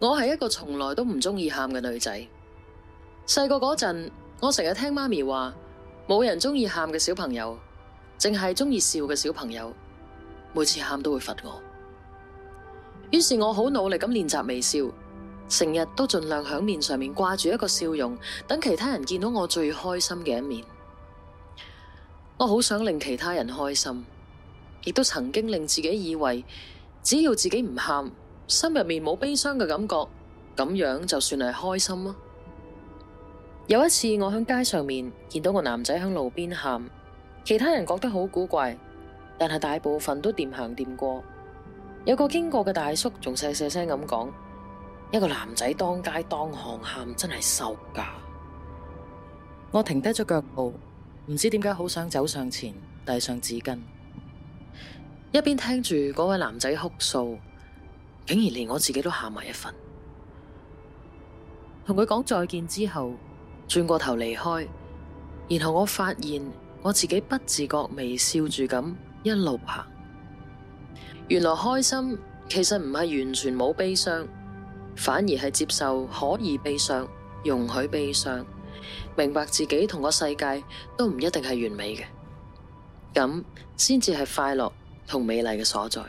我係一個從來都唔鍾意喊嘅女仔，細個嗰陣，我成日聽媽咪話，冇人鍾意喊嘅小朋友，淨係鍾意笑嘅小朋友，每次喊都會罰我。於是，我好努力咁練習微笑，成日都盡量響面上面掛住一個笑容，等其他人見到我最開心嘅一面。我好想令其他人開心，亦都曾經令自己以為，只要自己唔喊。心入面冇悲傷嘅感覺，咁樣就算係開心咯。有一次，我喺街上面見到個男仔喺路邊喊，其他人覺得好古怪，但係大部分都掂行掂過。有個經過嘅大叔仲細細聲咁講：「一個男仔當街當巷喊，真係醜㗎。」我停低咗腳步，唔知點解好想走上前遞上紙巾，一邊聽住嗰位男仔哭訴，竟然連我自己都喊埋一份，同佢講再見之後，轉過頭離開，然後我發現我自己不自覺微笑住咁一路行。原來開心其實唔係完全冇悲傷，反而係接受可以悲傷，容許悲傷，明白自己同個世界都唔一定係完美嘅，咁先至係快樂同美麗嘅所在。